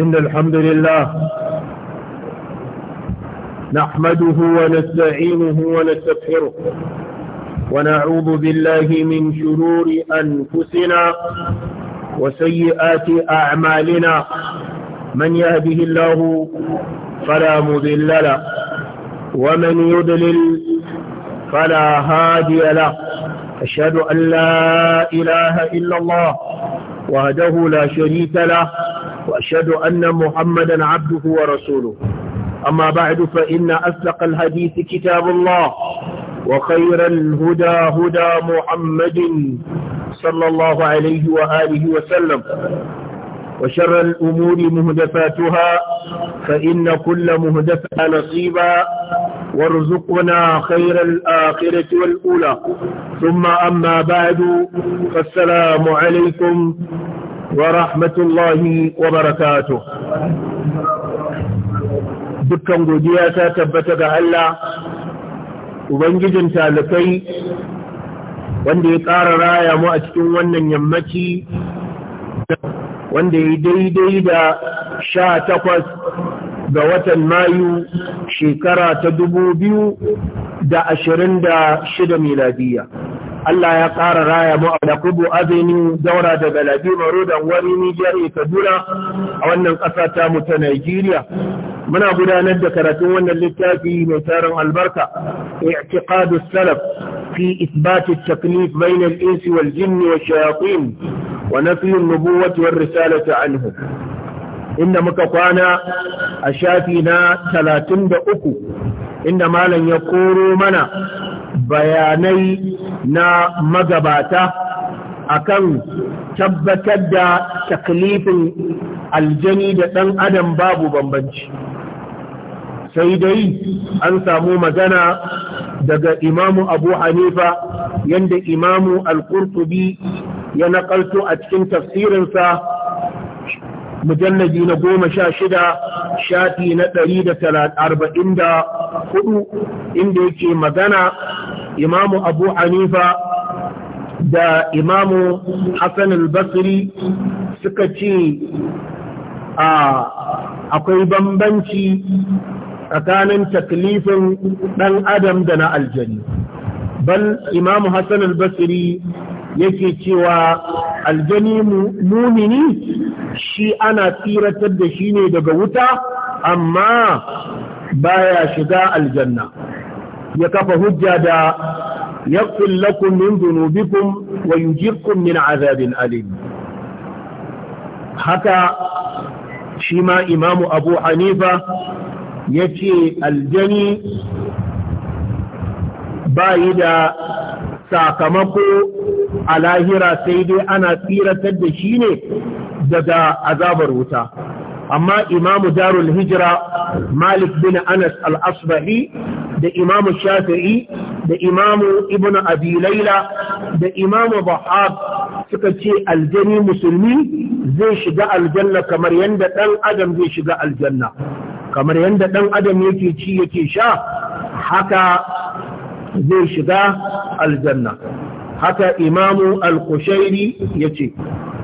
إن الحمد لله نحمده ونستعينه ونستغفره ونعوذ بالله من شرور أنفسنا وسيئات أعمالنا من يهده الله فلا مذل له ومن يدلل فلا هادي له أشهد أن لا إله إلا الله وهده لا شريك له وأشهد أن محمدا عبده ورسوله أما بعد فإن أصدق الحديث كتاب الله وخير الهدى هدى محمد صلى الله عليه وآله وسلم وشر الأمور مهدفاتها فإن كل مهدفة نصيبا وارزقنا خير الآخرة والأولى ثم أما بعد فالسلام عليكم ورحمة الله وبركاته dukkan godiya ta tabbata ga Allah ubangijin talibai wanda ya ƙara raya mu a cikin wannan yammaci wanda ya daidai da sha takwas ga watan mayu shekara ta dubu biyu da ashirin da shida miladiya Allah ya ƙara raya mu a da kubu azini daura da galabi maro da wani Nijar Kaduna a wannan ƙasa ta mutu ta Najeriya. Muna gudanar da karatun wannan littafi mai tarin albarka, i'tiqadu salaf fi isbat taklif bayna al-insi wal jinni wa shayatin wa nafi an-nubuwwati war risalati anhu. Inda muka kwana a shafi na 33 inda malam ya koro mana bayanai na magabata akan tabbatar da taklifin aljani da ɗan adam babu bambanci sai dai an samu magana daga imamu abu hanifa yadda imamu al kurtubi ya naƙalto a cikin tafsirinsa mujallaji na goma sha shida shafi na ɗari da arba'in da hudu inda yake magana imamu abu hanifa da imamu hassan al-basri suka ce akwai bambanci tsakanin taklifin ɗan adam da na aljani bal imamu hassan al-basri yake cewa aljani mumini shi ana tsiratar da shi ne daga wuta amma baya shiga aljanna ya kafa hujja da yaghfir lakum min dhunubikum wa yujirkum min azabin alim haka shi ma imamu abu hanifa ya ce aljani bayi da sakamako a lahira sai dai ana tsiratar da shi ne daga azabar wuta amma imamu darul hijira malik bin anas al-asbahi da imamu shafi'i da imamu ibn abi laila da imamu bahab suka ce aljani musulmi zai shiga aljanna kamar yadda ɗan adam zai shiga aljanna kamar yadda ɗan adam yake ci yake sha haka zai shiga aljanna haka imamu al-kushairi ya ce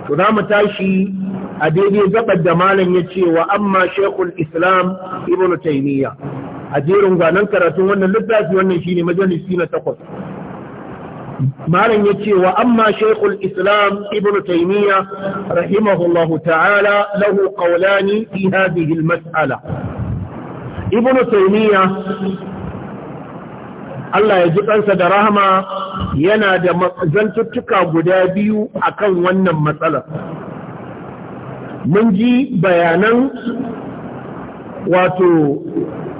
to za tashi a daidai gabar da malam ya ce wa amma shekul islam ibn taymiya a jerin gwanon karatun wannan littafi wannan shi ne majalisi na takwas malam ya ce wa amma shekul islam ibn taymiya rahimahullahu ta'ala lahu qawlani fi hadhihi al-mas'ala ibn taymiya Allah ya ji ɗansa da Rahma yana da zantuttuka guda biyu a kan wannan matsalar. Mun ji bayanan wato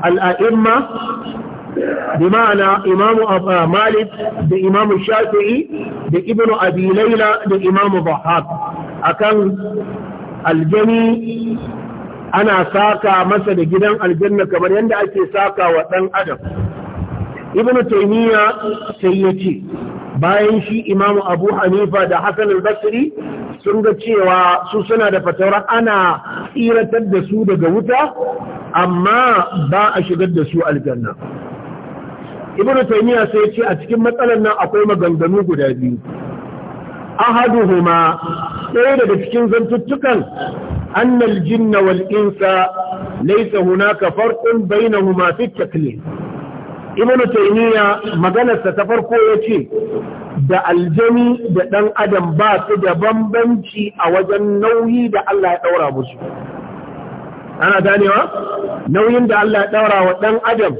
al’a’imma, bi ma'ana imamu ah, Malik da imamu Shafi’i da Ibn Abilaila da imamu Bahab a kan aljani ana saka masa da gidan aljanna kamar yadda ake saka wa ɗan adam. ibn taymiya sai ya ce bayan shi imamu abu hanifa da Hassan al-basri sun ga cewa su suna da fatawar ana tsiratar da su daga wuta amma ba a shigar da su aljanna ibn taymiya sai ce a cikin matsalar nan akwai maganganu guda biyu ahaduhuma ɗaya daga cikin zantuttukan annal jinna wal insa laysa hunaka farqun bainahuma fi taklif ibnu taymiya maganarsa ta farko yace da aljami da ɗan adam ba su da bambanci a wajen nauyi da Allah ya ɗaura musu ana ganewa nauyin da Allah ya ɗaura wa ɗan adam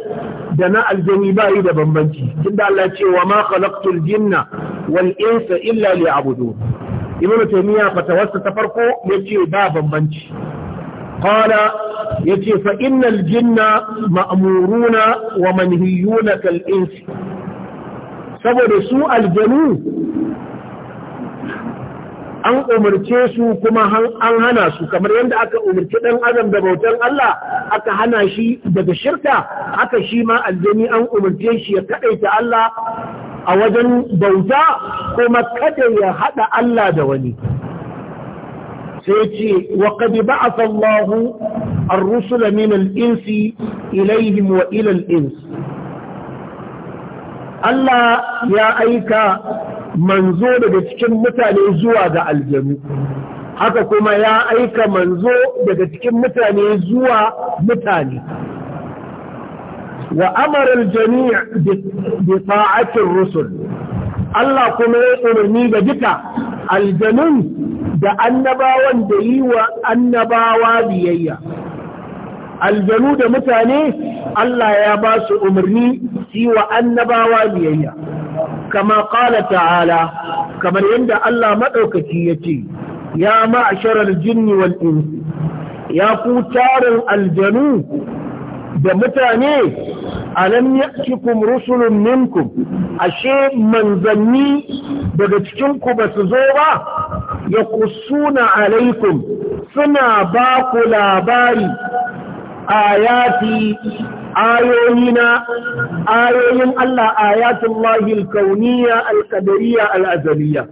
da na aljani ba yi da bambanci da Allah ce wa ma khalaqtul jinna wal insa illa liya'budun ibnu fata fatawarsa ta farko yace ba bambanci qala yace fa innal jinna ma'muruna wa manhiyuna kal insi saboda su aljanu an umarce su kuma an hana su kamar yadda aka umarci ɗan adam da bautan Allah aka hana shi daga shirka aka shi ma aljani an umarce shi ya kaɗaita Allah a wajen bauta kuma kada ya haɗa Allah da wani sai ce wa qad ba'atha Allahu ar-rusula min al-insi ilaihim wa ila al-ins Allah ya aika manzo daga cikin mutane zuwa ga aljanu haka kuma ya aika manzo daga cikin mutane zuwa mutane wa amarar jami'a bi ta'atin rusul Allah kuma ya umarni ga duka aljanun da annabawan da yi wa annabawa biyayya aljanu da mutane Allah ya ba su umarni yi wa annabawa biyayya kama ƙala ta'ala kamar yadda Allah maɗaukaci ya ce ya ma'asharar jinni wal insi ya ku tarin aljanu da mutane alam ya'tikum rusulun minkum ashe manzanni daga cikin ku ba su zo ba ya kusuna alaikum suna ba ku labari ayati ayoyina ayoyin Allah ayatullahi alkauniyya alƙadariya, al'azariya,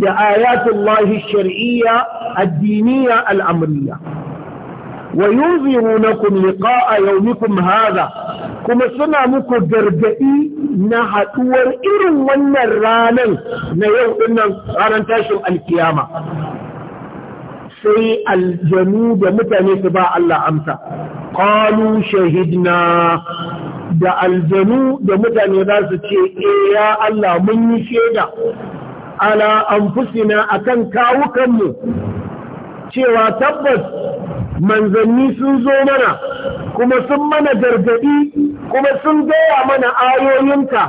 da ayatullahi shar'iyya addiniya al'amriya wa yunzirunakum liqa'a yawmikum hadha kuma suna muku gargadi na haɗuwar irin wannan ranar na yau dinnan ranan tashin alkiyama sai aljanu da mutane su ba Allah amsa qalu shahidna da aljanu da mutane za su ce eh ya Allah mun yi shaida ala anfusina akan kawukanmu cewa tabbas manzanni sun zo mana kuma sun mana gargadi kuma sun gaya mana ayoyinka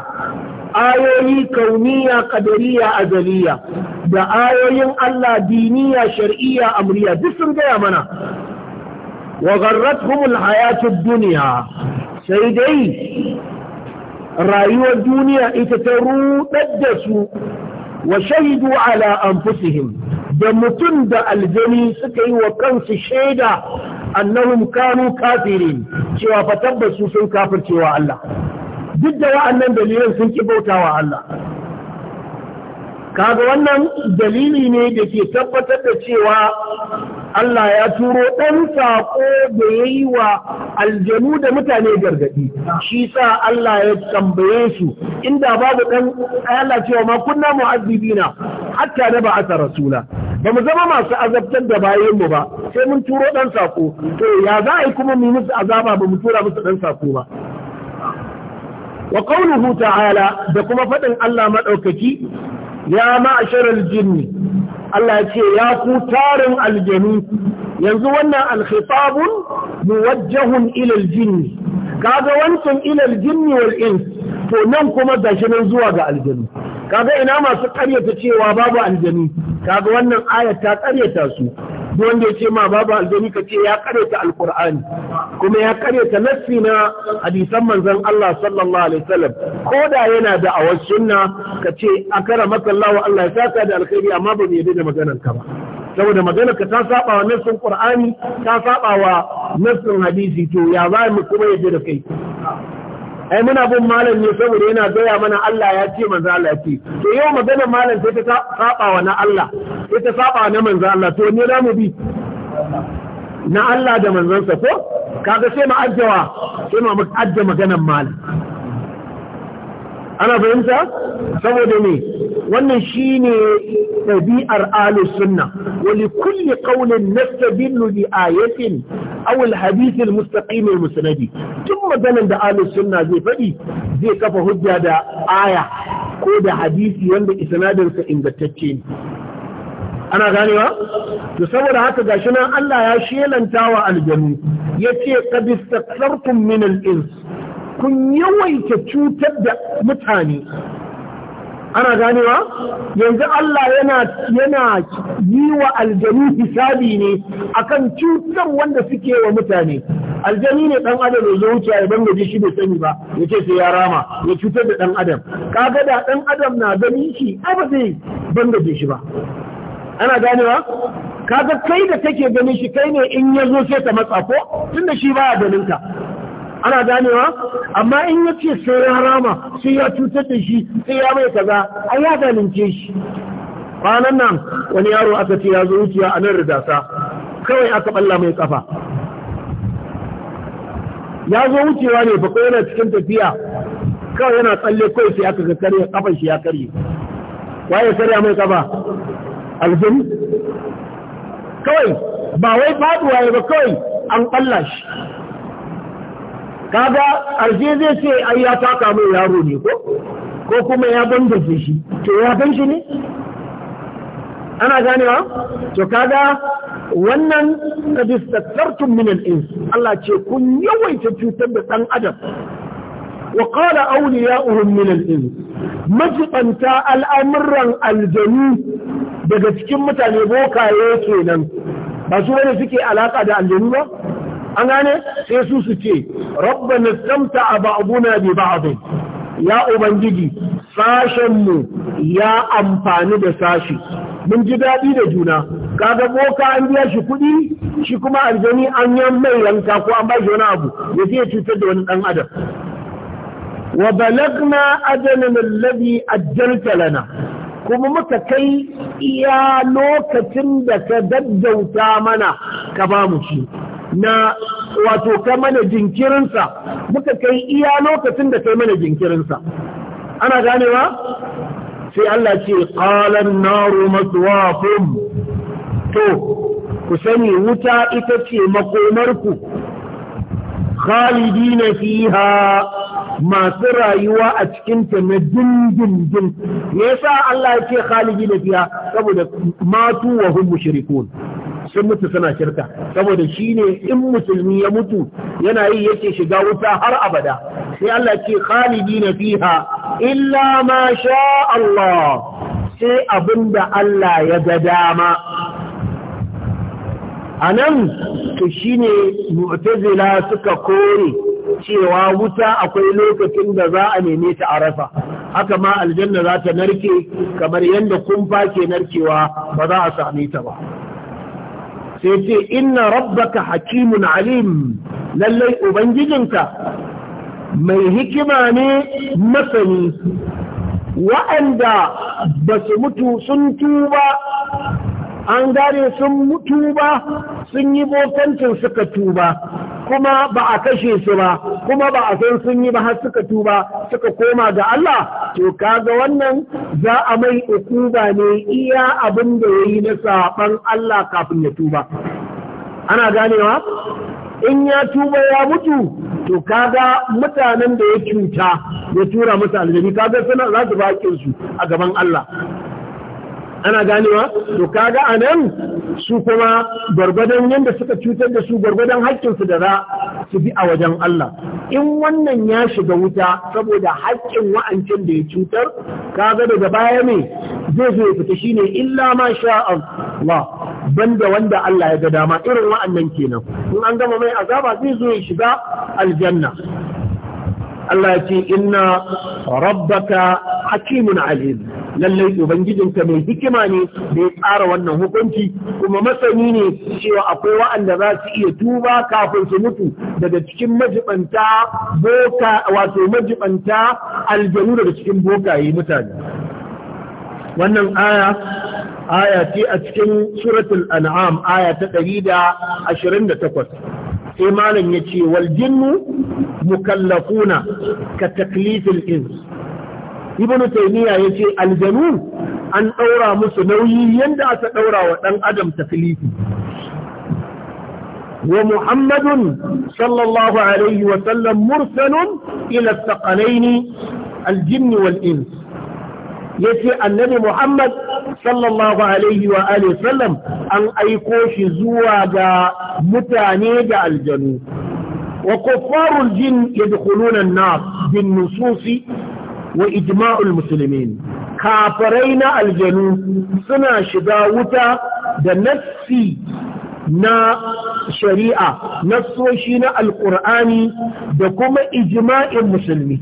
ayoyi kauniya kadariya azaliya da ayoyin Allah diniya shar'iyya amriya duk sun gaya mana wa gharratuhumul hayatud duniya sai dai rayuwar duniya ita ta rudar da su wa shahidu ala anfusihim da mutum da aljani suka yi wa kansu shaida annahum kanu kafiri cewa fa tabbas su sun kafircewa Allah duk da wa'annan dalilan sun ki bautawa Allah kaga wannan dalili ne da ke tabbatar da cewa Allah ya turo ɗan saƙo da ya yi wa aljanu da mutane gargaɗi shi sa Allah ya tambaye su inda babu ɗan Allah cewa ma kunna na, hatta da ba a rasula ba mu zama masu azabtar da bayan mu ba sai mun turo ɗan saƙo to ya za a yi kuma mu musu azaba ba mu tura musu ɗan saƙo ba wa qawluhu ta'ala da kuma faɗin Allah maɗaukaci ya ma'ashar jinni. Allah ce ya ku tarin aljanu yanzu wannan alkhitabun muwajjahun ilal jinni kaga wancan ilal jinni wal ins to nan kuma gashi nan zuwa ga aljanu kaga ina masu karyata cewa babu aljanu kaga wannan aya ta karyata su duk wanda ya ce ma babu aljani ka ce ya karyata alkur'ani kuma ya karyata nassi na hadisan manzon Allah sallallahu alaihi wasallam ko da yana da awar sunna ka ce akara maka Allah wa Allah ya saka da alkhairi amma ba mai da maganar ka ba saboda maganar ka ta saba wa nassin qur'ani ta saba wa nassin hadisi to ya za mu kuma yadda da kai ai muna bin malam ne saboda yana gaya mana Allah ya ce manzo Allah ya ce to yau magana malam sai ta saba wa na Allah sai ta saba na manzo Allah to ne za mu bi na Allah da manzansa ko kaga sai mu ajjawa sai mu ajja maganan malam ana fahimta saboda ne wannan shine ɗabi'ar ahlus sunna wa li ƙaunin na nastadillu bi ayatin aw al hadith musnadi duk maganar da ahlus sunna zai faɗi zai kafa hujja da aya ko da hadisi wanda isnadinsa ingantacce ne ana ganewa to saboda haka gashi nan Allah ya shelanta wa aljanu yace qad istakthartum min al-ins kun yawaita cutar da mutane ana ganewa yanzu Allah yana yana yi wa aljani hisabi ne akan cutar wanda suke wa mutane aljani ne dan adam ya wuce ya bangaje shi bai sani ba ya ce sai ya rama ya cutar da dan adam kaga da dan adam na gani shi ai ba zai bangaje shi ba ana ganewa kaga kai da kake ganin shi kai ne in ya zo sai ta matsa ko tunda shi baya ganin ka ana ganewa amma in ya ce sai ya rama sai ya cutar da shi sai ya mai kaza an ya zalince shi kwanan nan wani yaro aka ce ya zo wuciya a nan ridasa kawai aka balla mai kafa ya zo wucewa ne bako yana cikin tafiya kawai yana tsalle kawai sai aka karye kafan shi ya karye waye karya mai kafa aljin kawai ba wai faduwa ya ba kawai an balla shi kaga arje zai ce ai ya taka mai yaro ne ko ko kuma ya bandaje shi to ya gan shi ne ana ganewa to kaga wannan qad istakthartum min al-ins Allah ce kun yawaita cutar da dan adam wa qala awliya'uhum min al-ins majibanta al'amuran aljanu daga cikin mutane bokaye kenan ba su wani suke alaka da aljanu ba an gane sai su su ce rabbana samta a ba'abuna bi ba'abin ya ubangiji sashenmu ya amfani da sashi mun ji daɗi da juna kaga boka an biya shi kuɗi shi kuma aljani an yan mai yanka ko an ba shi wani abu ya je cutar da wani ɗan adam wa balagna ajalin alladhi ajjalta lana kuma muka kai iya lokacin da ka daddauta mana ka ba mu shi na wato ka mana jinkirinsa muka kai iya lokacin da kai mana jinkirinsa ana ganewa sai Allah ce qalan naru maswaqum to ku sani wuta ita ce makomarku khalidina fiha masu rayuwa a cikinta na dindindin me yasa Allah ya ce khalidina fiha saboda matu wa hum mushrikun sun mutu suna shirka saboda shi ne in musulmi ya mutu yana yi yake shiga wuta har abada sai Allah ce khalidi na fiha illa ma sha Allah sai abinda Allah ya ga dama a nan to shi ne mu'tazila suka kore cewa wuta akwai lokacin da za a neme ta a rasa haka ma aljanna za ta narke kamar yadda kumfa ke narkewa ba za a same ta ba sai ce inna rabbaka hakimun alim lallai ubangijinka mai hikima ne masani wa'anda ba su mutu sun tuba an gane sun mutu ba sun yi bokantin suka tuba kuma ba a kashe su ba kuma ba a san sun yi ba har suka tuba suka koma ga Allah to kaga wannan za a mai ukuba ne iya abin da yayi na saban Allah kafin ya tuba ana ganewa in ya tuba ya mutu to kaga mutanen da ya cuta ya tura musu aljabi kaga suna za su ba su a gaban Allah ana ganewa to kaga a nan su kuma gwargwadon yadda suka cutar da su gwargwadon haƙƙinsu da za su bi a wajen Allah in wannan ya shiga wuta saboda haƙƙin wa'ancin da ya cutar kaga daga baya ne zai zo ya fita shine illa ma sha Allah banda wanda Allah ya ga dama irin wa'annan kenan in an gama mai azaba zai zo ya shiga aljanna Allah ya ce inna rabbaka hakimun alim lallai ubangijinka mai hikima ne da ya tsara wannan hukunci kuma masani ne cewa akwai wa'anda za su iya tuba kafin su mutu daga cikin majibanta boka wato majibanta aljanu daga cikin bokaye mutane wannan aya aya ce a cikin suratul an'am aya ta 128 sai malam ya ce wal jinnu mukallafuna ka taklifil ins ibn taymiya yace aljanu an daura musu nauyi yanda aka daura wa dan adam taklifi wa muhammadun sallallahu alaihi wa sallam mursalun ila thaqalaini aljinn wal ins yace annabi muhammad sallallahu alaihi wa alihi sallam an aiko shi zuwa ga mutane da aljanu وكفار الجن يدخلون النار بالنصوص wa ijma'ul musulmin kafirai na aljanu suna shiga wuta da nassi na shari'a nassoshi na alkur'ani da kuma ijma'in musulmi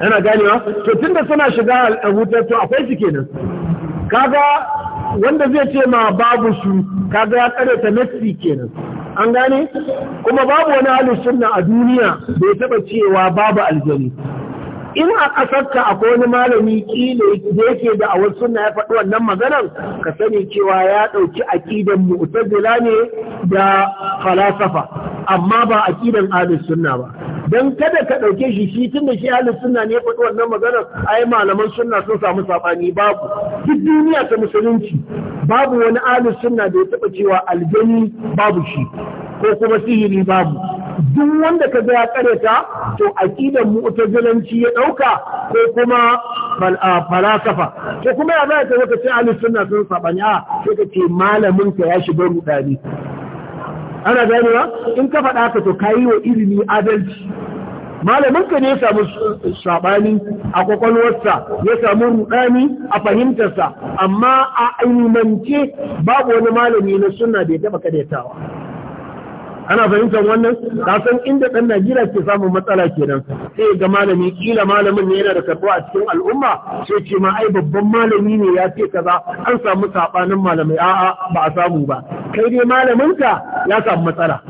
yana ganewa to tunda suna shiga wuta to akwai su kenan kaga wanda zai ce ma babu su kaga ya ta nassi kenan an gane kuma babu wani halin sunna a duniya bai taba cewa babu aljani in a ƙasarka akwai wani malami kile da yake da a wasu ya faɗi wannan maganar ka sani cewa ya ɗauki aƙidan mu'tazila ne da falasafa amma ba aƙidan ahlus sunna ba dan kada ka ɗauke shi shi tun da shi ahlus sunna ne ya faɗi wannan maganar ai malaman sunna sun samu saɓani babu duk duniya ta musulunci babu wani ahlus sunna da ya taɓa cewa aljani babu shi ko kuma sihiri babu duk wanda ka ga ya kareta to aqidar zalanci ya dauka ko kuma falasafa Ko kuma ya bayyana ta sai ahli sunna sun sabani a sai ka ce malamin ka ya shiga rudani ana ganewa in ka faɗa ka to kayi wa ilimi adalci malamin ka ne ya samu sabani a kwakwalwarsa ya samu rudani a fahimtarsa amma a aimance babu wani malami na sunna bai taba kadaitawa ana fahimtar wannan kasan inda ɗan Najeriya ke samun matsala kenan sai ga malami kila malamin ne yana da karɓo a cikin al'umma sai ce ma ai babban malami ne ya ce kaza an samu sabanin malamai a'a ba a samu ba kai dai ka ya samu matsala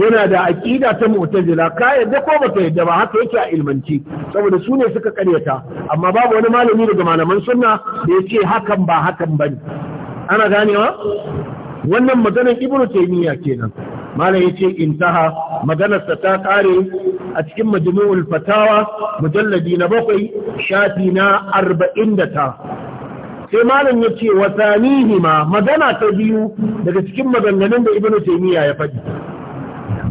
yana da aƙida ta mu'tazila ka yadda ko baka yadda ba haka yake a ilmanci saboda su ne suka karyata amma babu wani malami daga malaman sunna da ya ce hakan ba hakan bane ana ganewa wannan maganar ibnu taymiya kenan malam yace intaha maganar sa ta kare a cikin majmu'ul fatawa mujalladi na bakwai shafi na 49 sai malam yace wa hima magana ta biyu daga cikin maganganun da ibnu taymiya ya faɗi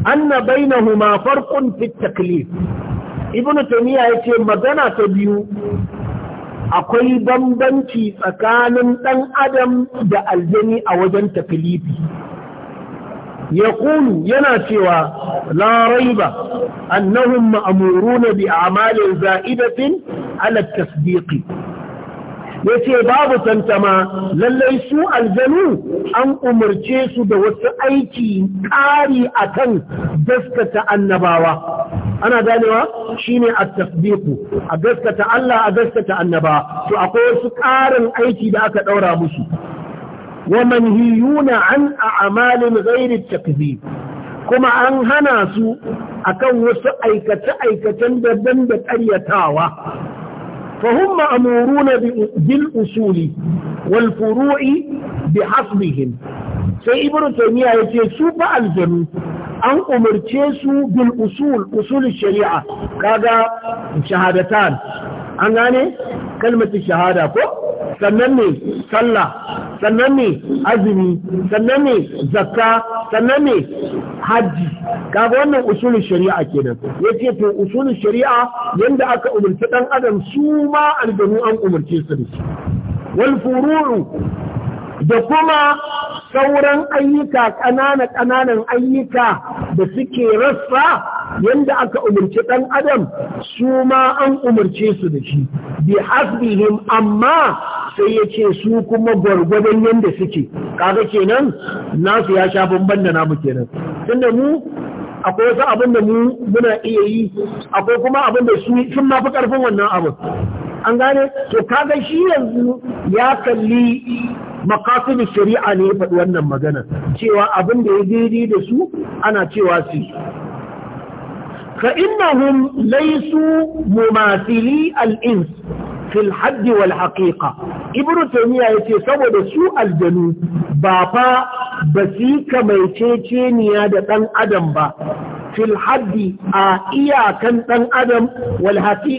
anna bainahuma farqun fit taklif ibnu taymiya yace magana ta biyu akwai bambanci tsakanin ɗan adam da aljani a wajen tafilifi. ya yana cewa la annahun ma'amuru na bi amalin za'idatin ala Ya yace babu tantama lallai su aljanu an umarce su da wasu aiki ƙari akan gaskata annabawa ana ganewa shine a tasdiqu a gaskata Allah a gaskata annaba to akwai wasu ƙarin aiki da aka ɗaura musu wa manhiyuna an a'malin ghairi takzib kuma an hana su akan wasu aikace-aikacen daban da ƙaryatawa فهم مأمورون walfurui bi بحسبهم sai ibn taymiya yace su fa aljanu an umarce su bil usul usul shari'a kaga shahadatan an gane kalmar shahada ko sannan ne sallah sannan ne azumi sannan ne zakka sannan ne hajji kaga wannan usul shari'a kenan yace to usul shari'a yanda aka umarci dan adam su ma aljanu an umarce su da shi wal furu'u da kuma sauran ayyuka ƙanana ƙananan ayyuka da suke rassa yadda aka umarci ɗan adam su ma an umarce su da shi bi hasbihim amma sai ya ce su kuma gwargwadon yadda suke kaga kenan nasu ya sha bamban da namu kenan tunda mu akwai wasu abin da mu muna iya yi akwai kuma abin da su sun mafi karfin wannan abin an gane to kaga shi yanzu ya kalli makasin shari'a ne ya faɗi wannan magana cewa abin da ya daidai da su ana cewa su fa innahum laysu mumathili al-ins fil hadd wal haqiqa ibnu taymiya yace saboda su aljanu ba fa basu kamaiceceniya da dan adam ba fil haddi a iyakan ɗan adam wal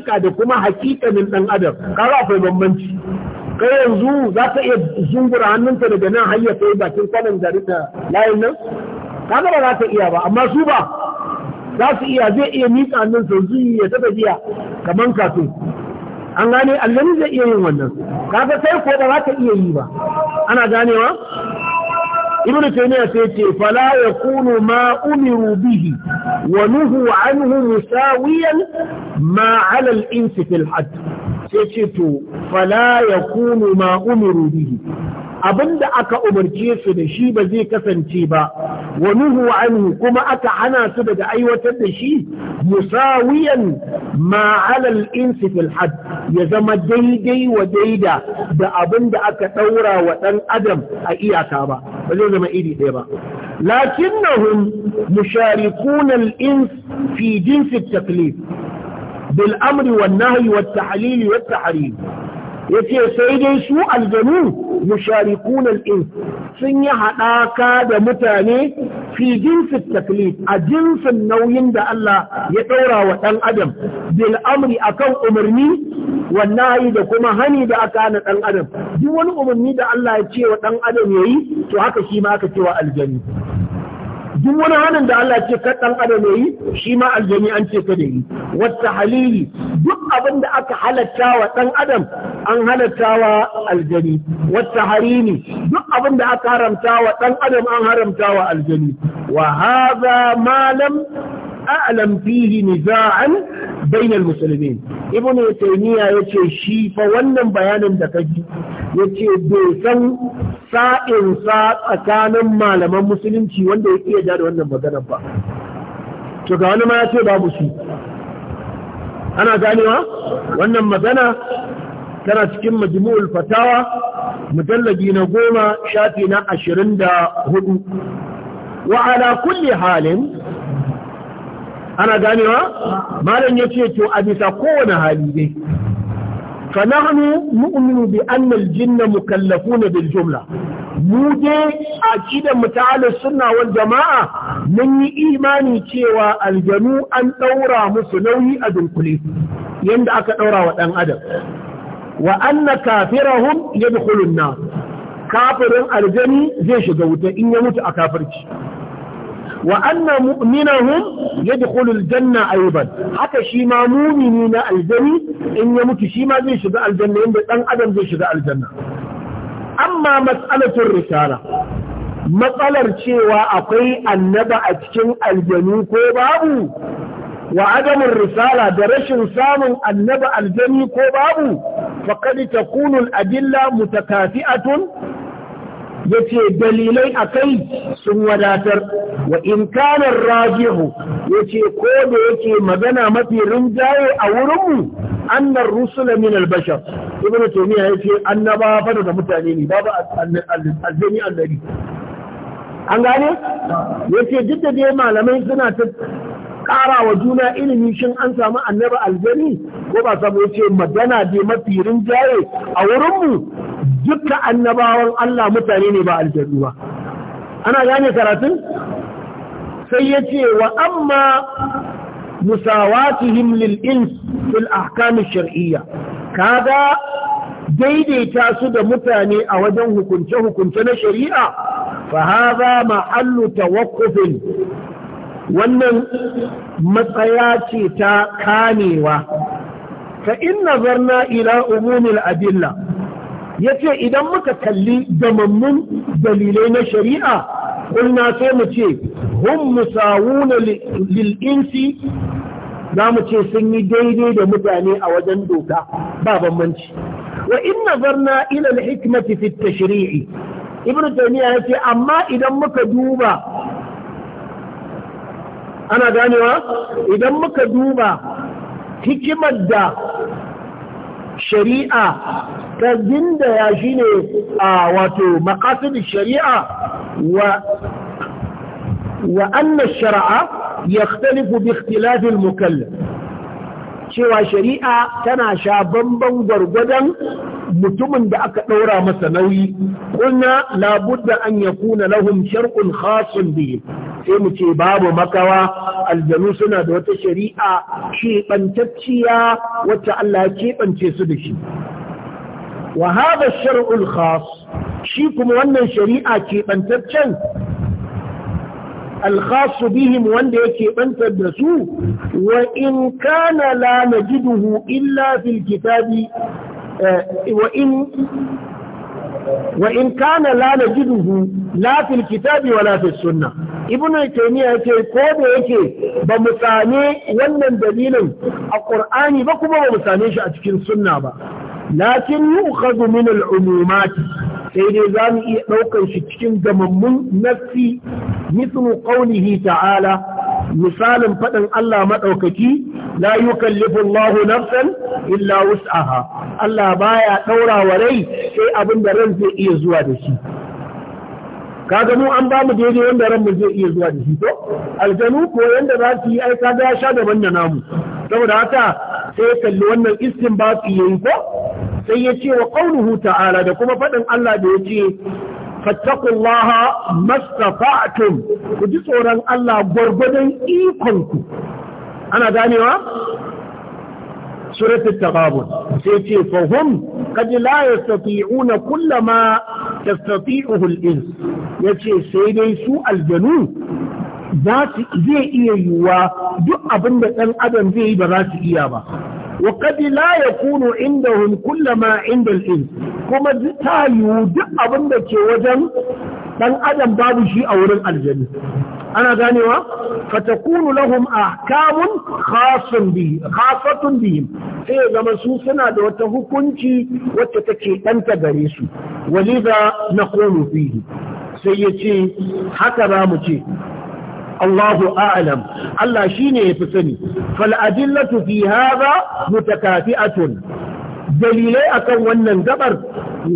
da kuma haƙiƙanin ɗan adam kaga akwai bambanci kai yanzu za ka iya zungura hannunta daga nan har ya kai bakin kwanan gari ta layin nan kaga ba za ka iya ba amma su ba za su iya zai iya miƙa hannunsa zuyi ya taɓa jiya kamar kafin an gane allani zai iya yin wannan kaga sai ko ba za ka iya yi ba ana ganewa ibn taymiya sai ce fala yakunu ma umiru bihi wa nuhu anhu musawiyan ma ala al-ins fil hadd sai ce to fala yakunu ma umiru bihi abinda aka umarce su da shi ba zai kasance ba ونهوا عنه كما أكا حنا سبد أيوة شيء مساويا ما على الإنس في الحد يزم ديدي وديدا دا أبن دا أكا تورا وطن أدم أي أكابا فلزم إيدي ديبا لكنهم يشاركون الإنس في جنس التكليف بالأمر والنهي والتحليل والتحريم yace sai dai su aljanu musharikun al-ins sun yi haɗaka da mutane fi jinsi taklif a jinsin nauyin da Allah ya ɗaura wa ɗan adam bil amri akan umarni wannan da kuma hani da aka hana ɗan adam duk wani umarni da Allah ya ce wa ɗan adam yayi to haka shi ma aka ce wa aljanu duk wani hannun da Allah ce ka ɗan adam ya yi shi ma aljani an ce ka da yi wata halili duk abin da aka halatta wa ɗan adam an halatta wa aljani wata harini duk abin da aka haramta wa ɗan adam an haramta wa aljani wa haza malam a'lam fihi niza'an bainal muslimin ibn taymiya yace shi fa wannan bayanin da ka kaji yace bai san sa'in sa tsakanin malaman musulunci wanda ya iya ja da wannan magana ba to ga wani ma yace babu shi ana ganewa wannan magana tana cikin majmu'ul fatawa mujallabi na goma shafi na ashirin da hudu wa ala kulli halin ana ganewa malam ya ce to a bisa kowane hali dai fa nahnu nu'minu bi anna al-jinna mukallafuna bil jumla mu dai a kidan mutahalis sunna wal jama'a mun yi imani cewa aljanu an daura musu nauyi a dunkule yanda aka daura wa dan adam wa anna kafirahum yadkhulun nar kafirin aljani zai shiga wuta in ya mutu a kafirci wa anna mu'minahum yadkhulul janna ayban haka shi ma mumini na aljani in ya mutu shi ma zai shiga aljanna inda dan adam zai shiga aljanna amma mas'alatul risala matsalar cewa akwai annaba a cikin aljanu ko babu wa risala da rashin samun annaba aljani ko babu faqad ta al-adilla mutakafi'atun Yace dalilai a kai sun wadatar wa inkanar rajihu yace ko da yake magana mafi rinjaye a wurinmu annar rusula min albashar ibn tumiya ya ce annaba fada da mutane ne babu aljani annabi an gane yace duk da dai malamai suna ta Ƙarawa wa juna ilimi shin an samu annabi aljani ko ba samu yace magana dai mafi rinjaye a wurinmu dukkan annabawan Allah mutane ne ba aljanu ba ana gane karatun sai yace wa amma musawatihim lil ins fil ahkam shar'iyya kaga daidaita su da mutane a wajen hukunce-hukunce na shari'a fa hadha mahallu tawaqqufin wannan matsaya ce ta kamewa fa inna zarna ila umumil adilla yace idan muka kalli gamammun dalilai na shari'a kulna sai mu ce hun musawuna lil'insi, za mu ce sun yi daidai da mutane a wajen doka ba bambanci wa in nazarna ila al-hikmati fi tashrii ibn taymiya yace amma idan muka duba ana ganewa idan muka duba hikimar da shari'a ta gindaya shi ne a wato makasidin shari'a wa وأن الشرع يختلف باختلاف المكلف cewa shari'a tana sha bamban gwargwadon mutumin da aka ɗaura masa nauyi kuna labudda an yakuna lahum shar'un khasun bihi sai mu ce babu makawa aljanu suna da wata shari'a keɓantacciya wacce Allah ya keɓance su da shi wa hada shar'ul khas shi kuma wannan shari'a keɓantaccen الخاص بهم وانده يكيبنت الدسو وإن كان لا نجده إلا في الكتاب وإن وإن كان لا نجده لا في الكتاب ولا في السنة ابن تيمية يقول كوب يقول بمساني ونن دليل القرآن بكما بمسانيش شأتك السنة با لكن يؤخذ من العمومات سيدي زاني إيه نوكا شكين نفسي مثل قوله تعالى misalin faɗin Allah maɗaukaki la yukallifu Allahu nafsan illa wus'aha Allah baya ɗaura wa rai sai abin da ran zai iya zuwa da shi Ka mu an bamu daidai wanda ran mu zai iya zuwa da shi to aljanu ko yanda za su yi ai kaga ya sha daban da namu saboda haka sai ya kalli wannan istin ya yi ko sai ya ce wa ƙaunuhu ta'ala da kuma faɗin Allah da ya ce fattakullaha mastata'tum ku ji tsoron Allah gwargwadon ikonku ana ganewa suratul taqabun sai ce fahum kad na yastati'una kullama yastati'uhu hulɗin, ya yace sai dai su aljanu za su zai iya yiwuwa duk abin da ɗan adam zai yi ba za su iya ba wa qad la yakunu indahum kullu ma inda al kuma ta yiwu duk abin da ke wajen dan adam babu shi a wurin aljanu. ana ganewa fatakunu lahum ahkamun khasun bi khasatun bihim sai zama su suna da wata hukunci wacce take ɗanta gare su walidha naqulu fihi sai yace haka za mu ce Allahu a'lam Allah shine yafi sani fal adillatu fi hadha mutakafi'atun dalilai akan wannan gabar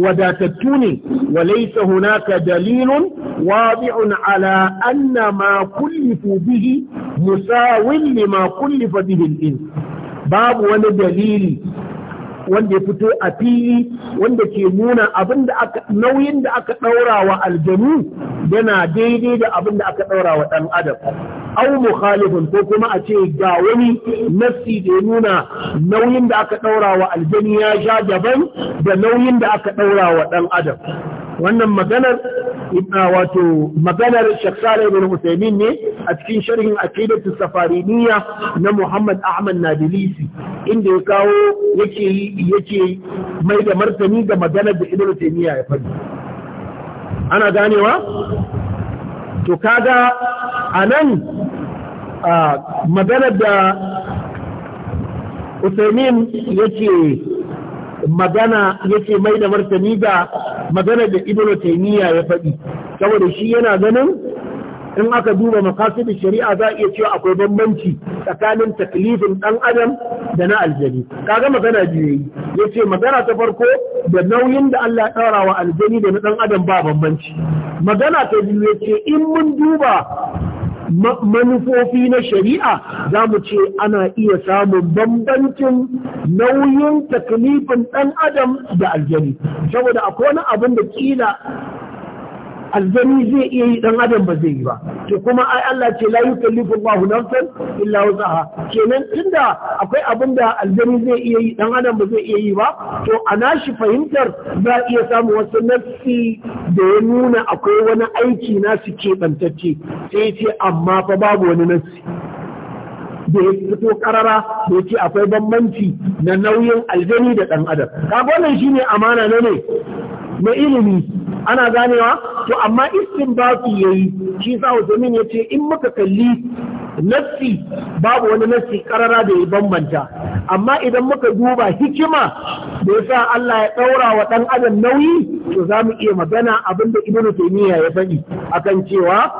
wadatattu ne walaysa hunaka dalilun wadi'un ala anna ma kullifu bihi musawin lima kullifa bihi al-ins babu wani dalili wanda ya fito a fili wanda ke nuna abin da aka nauyin da aka ɗaura wa aljanu yana daidai da abin da aka ɗaura wa ɗan adam au mukhalifun ko kuma a ce ga wani nafsi da ya nuna nauyin da aka ɗaura wa aljani ya sha daban da nauyin da aka ɗaura wa ɗan adam wannan maganar wato maganar shaksara ibn Husaymin ne a cikin sharhin aqidatu safariniya na Muhammad Ahmad Nadilisi inda ya kawo yake yake mai da martani ga maganar da Ibn Taymiyyah ya faɗi ana ganewa to kaga a nan maganar da usaimin yake magana yake mai da martani ga maganar da ibn taymiya ya faɗi saboda shi yana ganin in aka duba makasudin shari'a za a iya cewa akwai bambanci tsakanin taklifin ɗan adam da na aljani kaga magana biyu yi yace magana ta farko da nauyin da Allah ya ɗaura wa aljani da na ɗan adam ba bambanci magana ta biyu yace in mun duba manufofi na shari'a za mu ce ana iya samun bambancin nauyin taklifin ɗan adam da aljani saboda akwai wani abin da kila aljani zai iya yi dan adam ba zai yi ba to kuma ai Allah ce la yukallifu Allahu nafsan illa wusaha kenan tunda akwai abin da aljani zai iya yi dan adam ba zai iya yi ba to a shi fahimtar za iya samu wasu nafsi da ya nuna akwai wani aiki nasu keɓantacce sai ce amma fa babu wani nafsi da ya fito karara da ce akwai bambanci na nauyin aljani da ɗan adam kaga wannan shine amana na ne na ilimi ana ganewa to amma su yayi shi sa ya ce in muka kalli nassi babu wani nassi karara da ya bambanta amma idan muka duba hikima da yasa Allah ya daura wa dan adam nauyi to za mu iya magana abinda Ibn Taymiyyah ya faɗi akan cewa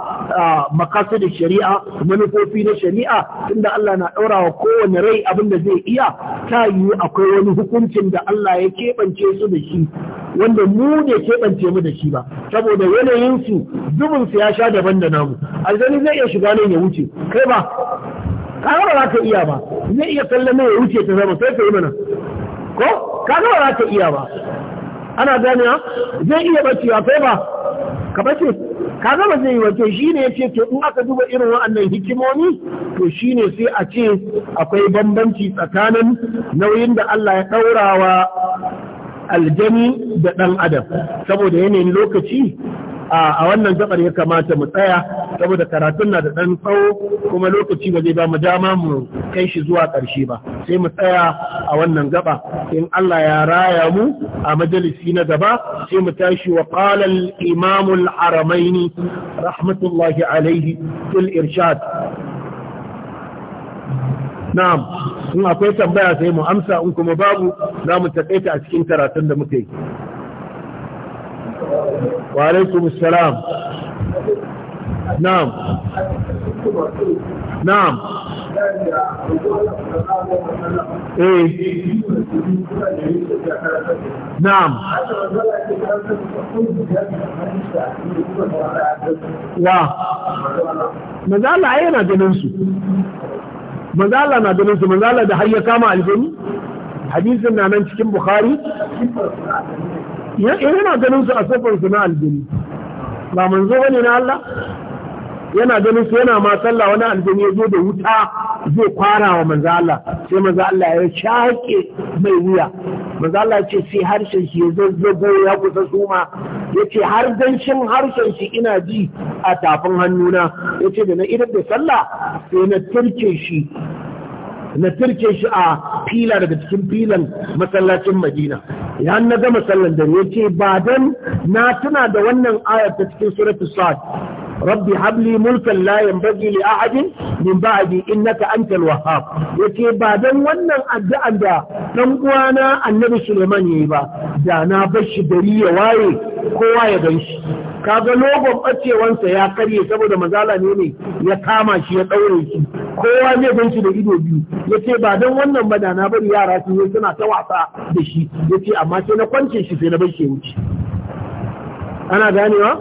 da shari'a manufofi na shari'a tunda Allah na daura wa kowane rai abin da zai iya ta yi akwai wani hukuncin da Allah ya keɓance su da shi wanda mu ne keɓance mu da shi ba saboda yanayin su zubin su ya sha daban da namu aljani zai iya shiga nan ya wuce kai ba ka ba za ka iya ba zai iya kallon nan ya wuce ta zama sai ka yi mana ko ka ba za ka iya ba ana gani zai iya ba, kai ba ka bace ka gama zai yi wato shi ne ya ce to in aka duba irin wa'annan hikimomi to shi ne sai a ce akwai bambanci tsakanin nauyin da Allah ya wa aljani da ɗan adam saboda yanayin lokaci a wannan gabar ya kamata mu tsaya saboda karatun na da ɗan tsawo kuma lokaci ba zai ba mu dama mu kai shi zuwa ƙarshe ba sai mu tsaya a wannan gaba in Allah ya raya mu a majalisi na gaba sai mu tashi wa qala al haramaini rahmatullahi alaihi fil irshad na'am in akwai tambaya sai mu amsa in kuma babu za mu taƙaita a cikin karatun da muke. wa alaikum assalam na'am na'am eh na'am wa maza Allah yana ganin su manzo Allah na ganin su manzo Allah da har ya kama aljani hadisin na nan cikin bukhari yana ganin su a safar su na aljini ba manzo bane na Allah yana ganin su yana ma sallah wani aljini ya zo da wuta zai kwara wa manzo Allah sai manzo Allah ya shaƙe mai wuya manzo Allah ce sai harshen shi ya zo ya kusa suma yace har danshin harshen shi ina ji a tafin hannuna yace da na idar da sallah sai na turke shi na turke shi a fila daga cikin filan masallacin madina idan na gama sallan da yace ba dan na tuna da wannan ayar ta cikin suratul sad rabbi habli mulkan la yanbaghi li ahadin min ba'di innaka antal wahhab yace ba dan wannan addu'an da dan uwana annabi Suleiman yayi ba da na bashi dari ya waye kowa ya ganshi. Ka kaga logon bacewansa ya karye saboda mazala ne ne ya kama shi ya daure shi kowa zai ganshi da ido biyu yace ba dan wannan ba da na bari yara su suna ta wasa da shi yace amma sai na kwance shi sai na bar ya wuce ana ganewa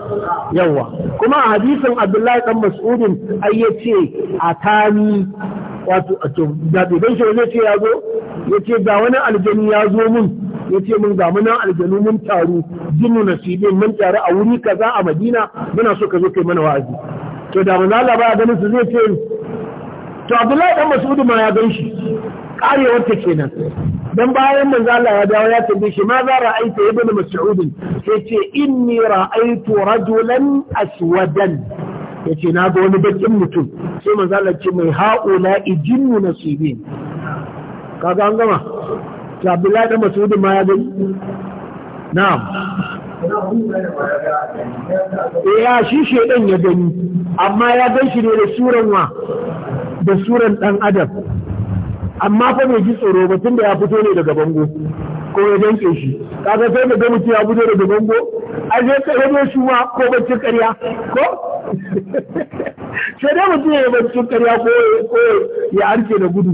yawa kuma a hadisin abdullahi dan mas'udin ai yace tani, wato a to da bai shi zai ce ya zo yace ga wani aljani ya zo mun yace mun ga munan aljanu mun taru jinu nasibi, mun taru a wuri kaza a Madina muna so ka zo kai mana wa'azi to da manzo Allah ba ganin su zai ce to Abdullahi dan mas'udin ma ya gan shi karewar kenan dan bayan manzo Allah ya dawo ya tambaye shi ma za ra'aita ibn mas'ud sai ce inni ra'aitu rajulan aswadan yace na ga wani bakin mutum sai manzo Allah ce mai haula ijinnu nasibin kaga an gama to Abdullahi da Mas'ud ma ya gani na'am eh ya shi shedan ya gani amma ya gan shi ne da surar wa da surar dan adam amma fa bai ji tsoro ba tun da ya fito ne daga bango ko ya danke shi kaga sai mu ga mutum ya fito daga bango a je tsare ne shi ma ko bacci ƙarya ko sai dai mutum ya bacci ƙarya ko ya arke da gudu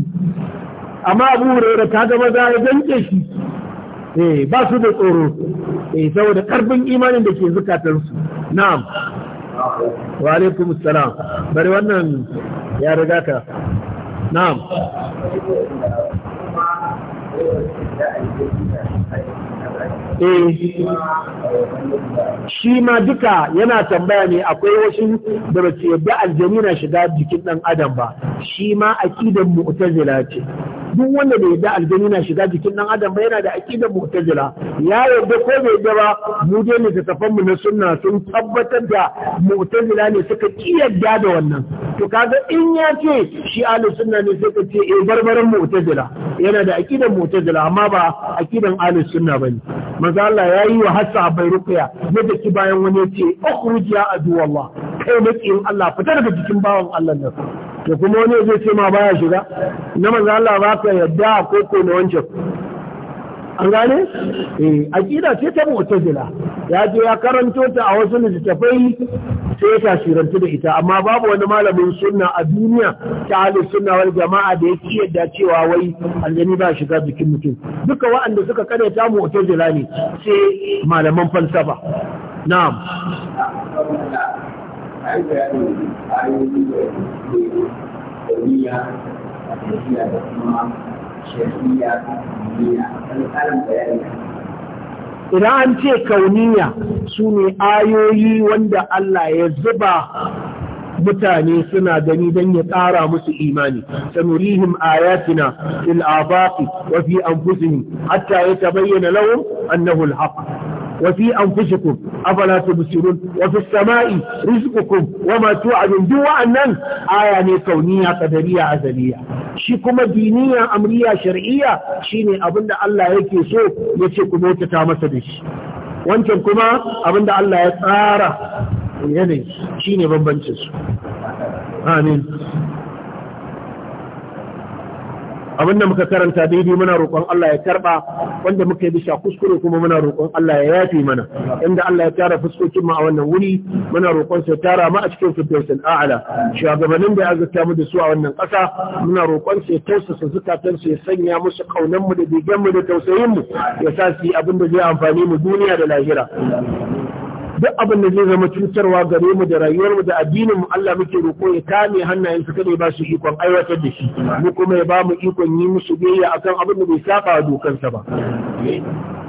amma abu hurairar ta gama za ya danke shi eh ba su da tsoro eh saboda karfin imanin da ke su na'am wa alaikum assalam bari wannan ya riga ka na'am eh shi ma duka yana tambaya ne akwai wasu da ba su yadda aljami na shiga jikin ɗan adam ba shi ma aqidan mu'tazila ce duk wanda bai yadda aljami na shiga jikin ɗan adam ba yana da aƙidan mu'tazila ya yadda ko bai yadda ba mu dai ne tafan mu na sunna sun tabbatar da mu'tazila ne suka yadda da wannan to kaga in ya ce shi ahlus sunna ne suka ce eh barbaran mu'tazila yana da aƙidan mu'tazila amma ba aƙidan ahlus sunna ne. manzo ya yi wa hassa bai ruqya ya daki bayan wani yace ukhruj ya adu Allah kai in Allah fita daga cikin bawan Allah su. to kuma wani zai ce ma baya shiga na manzo Allah ba ka yadda ko ko na wancan an gane eh aqida ce ta mu'tazila ya je ya karanto ta a wasu littattafai sai ya tasirantu da ita amma babu wani malamin sunna a duniya ta halin sunna wani jama'a da ya ki yadda cewa wai aljani ba shiga jikin mutum duka waɗanda suka ta mu otozila ne sai malaman falsafa na'am da kuma da bayani idan an ce kauniya su ne ayoyi wanda Allah ya zuba mutane suna gani don ya ƙara musu imani sanurihim ayatina fil afaqi wa fi anfusihim hatta yatabayyana lahum annahu al-haqq وفي أنفسكم أفلا تبصرون وفي السماء رزقكم وما abin دو أنن آية ne kauniya kadariya azaliya shi kuma diniya amriya shar'iyya shine abinda Allah yake so ya ce ku bautata masa da shi wancan kuma abin da Allah ya tsara yanayi shine bambancin su amin abin da muka karanta daidai muna roƙon Allah ya karba wanda muka yi bisa kuskure kuma muna roƙon Allah ya yafe mana inda Allah ya tara fuskokin mu a wannan wuri muna roƙon sa tara mu a cikin firdausul a'la shugabannin da ya azurta mu da su a wannan ƙasa muna roƙon sa ya tausasa zukatan su ya sanya musu kaunan mu da bigen mu da tausayin mu ya sa su yi abin da zai amfani mu duniya da lahira duk abin da zai zama cutarwa gare mu da rayuwar mu da addinin mu Allah muke roƙo ya kame hannayen su kada ya ba su ikon aiwatar da shi mu kuma ya ba mu ikon yi musu biyayya akan abin da bai saba dokansa ba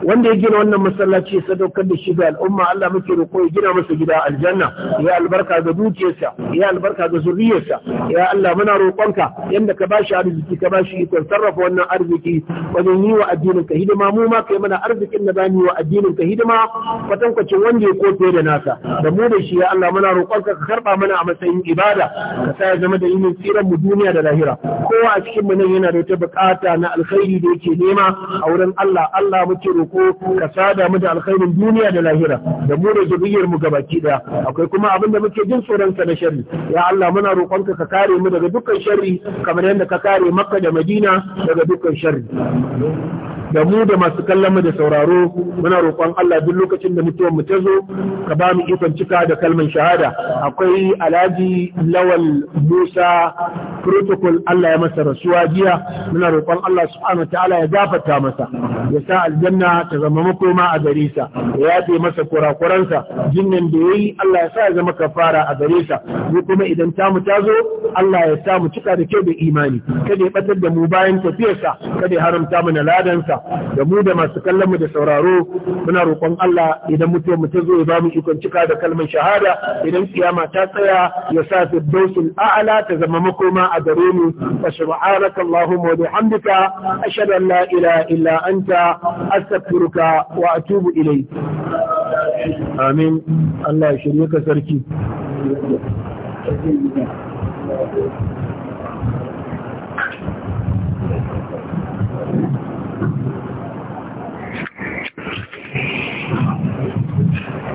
wanda ya gina wannan masallaci ya sadaukar da shi ga al'umma Allah muke roƙo ya gina masa gida aljanna ya albarka ga dukiyarsa ya albarka ga zuriyarsa ya Allah muna roƙonka yanda ka bashi arziki ka bashi ikon sarrafa wannan arziki wajen yi wa addinin ka hidima mu ma kai mana arzikin da zamu yi wa addinin ka hidima kwatankwacin wanda ya kofi ko da nasa da mu da shi ya Allah muna roƙonka ka karɓa mana a matsayin ibada ka sa ya zama da ilimin tsiran mu duniya da lahira kowa a cikin mu nan yana da wata buƙata na alkhairi da yake nema a wurin Allah Allah muke roƙo ka sada mu da alkhairin duniya da lahira da mu da zuriyar mu gabaki daya akwai kuma abin da muke jin tsoron sa na sharri ya Allah muna roƙonka ka kare mu daga dukkan sharri kamar yadda ka kare Makka da Madina daga dukkan sharri da mu da masu kallon mu da sauraro muna roƙon Allah duk lokacin da mutuwar mu ta zo ka ba mu ikon cika da kalman shahada akwai Alhaji Lawal Musa protocol Allah ya masa rasuwa jiya muna roƙon Allah subhanahu ta'ala ya gafarta masa ya sa aljanna ta zama makoma a gare sa ya yafe masa kurakuransa jinnan da yayi Allah ya sa ya zama kafara a gare sa mu kuma idan ta mu ta zo Allah ya sa mu cika da kyau da imani kada ya batar da mu bayan tafiyarsa kada ya haramta mana ladansa da mu da masu kallon mu da sauraro muna roƙon Allah idan mutuwa mu ta zo ya bamu ikon cika da kalmar shahada idan kiyama ta tsaya ya sa firdausul a'ala ta zama makoma a gare mu fa subhanaka allahumma wa bihamdika ashhadu an la ilaha illa anta astaghfiruka wa atubu ilayk amin Allah ya shirye ka sarki